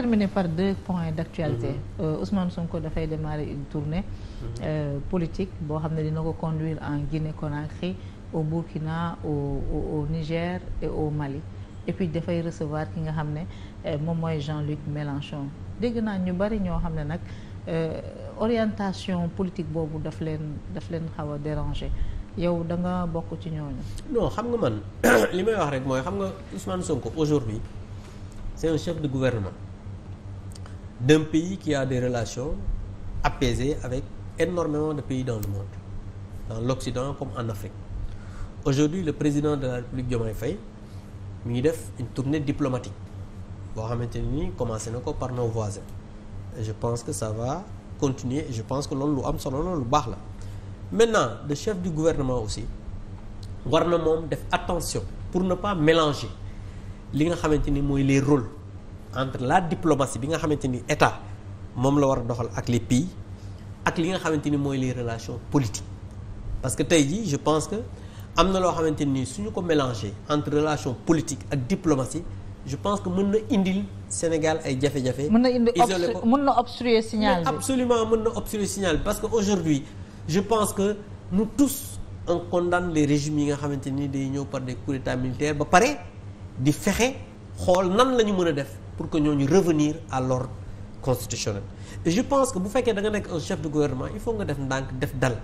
terminer par deux points d'actualité mmh. euh, Ousmane Sonko dafay démarrer une tournée mhm. euh, politique boo xam ne dina ko conduire en Guinée-Conakry au Burkina au, au, au Niger et au Mali et puis dafay recevoir ki nga xam ne euh, moom mooy Jean-Luc Mélenchon dégg naa ñu bari ñoo xam ne nag euh, orientation politique boobu daf leen daf leen xaw a déranger yow da nga bokk ci ñooñu. non xam nga man li may wax rek mooy xam nga Ousmane Sonko aujourd'hui c'est un chef de gouvernement d'un pays qui a des relations apaisées avec énormément de pays dans le monde, dans l'Occident comme en Afrique. Aujourd'hui, le président de la République Diomaye Faye mu ngi def une tournée diplomatique boo xamante ni nii commencé na ko par nos voisins et je pense que ça va continuer je pense que loolu lu am solo la lu baax la maintenant le chef du gouvernement aussi war na moom def attention pour ne pas mélanger li nga xamante ni mooy les rôles entre la diplomatie bi nga xamante ni état moom la war a doxal ak les pays ak li nga xamante ni mooy les relations politiques parce que tey jii je pense que am na loo xamante ni suñu ko mélanger entre relation politique ak diplomatie je pense que mën na indil Sénégal ay jafe mën na indi obstru mën na obstruer signal bi. absolument mën na obstruer signal parce que aujourd'hui je pense que nous tous on condamne les régimes yi nga xamante nii day ñëw par de coups d'état ba pare di fexe xool nan la ñu mën a def. pour que ñooñu revenir à l'ordre constitutionnel et je pense que bu fekkee da nga nekk un chef de gouvernement il faut nga def ndànk def dal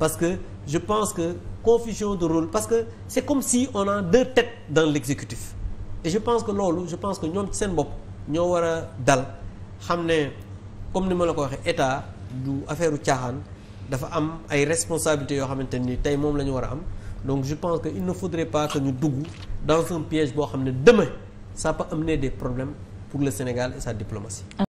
parce que je pense que confusion de rôle parce que c'est comme si on a deux têtes dans l'exécutif et je pense que loolu je pense que ñoom ci seen bopp ñoo war a dal xam ne comme ni ma la ko waxee état du affaire caaxaan dafa am ay responsabilités yoo xamante ni tey moom la ñu war a am donc je pense que il ne faudrait pas que ñu dugg dans un boo xam ne demain ça peut amener des problèmes pour le sa diplomatie.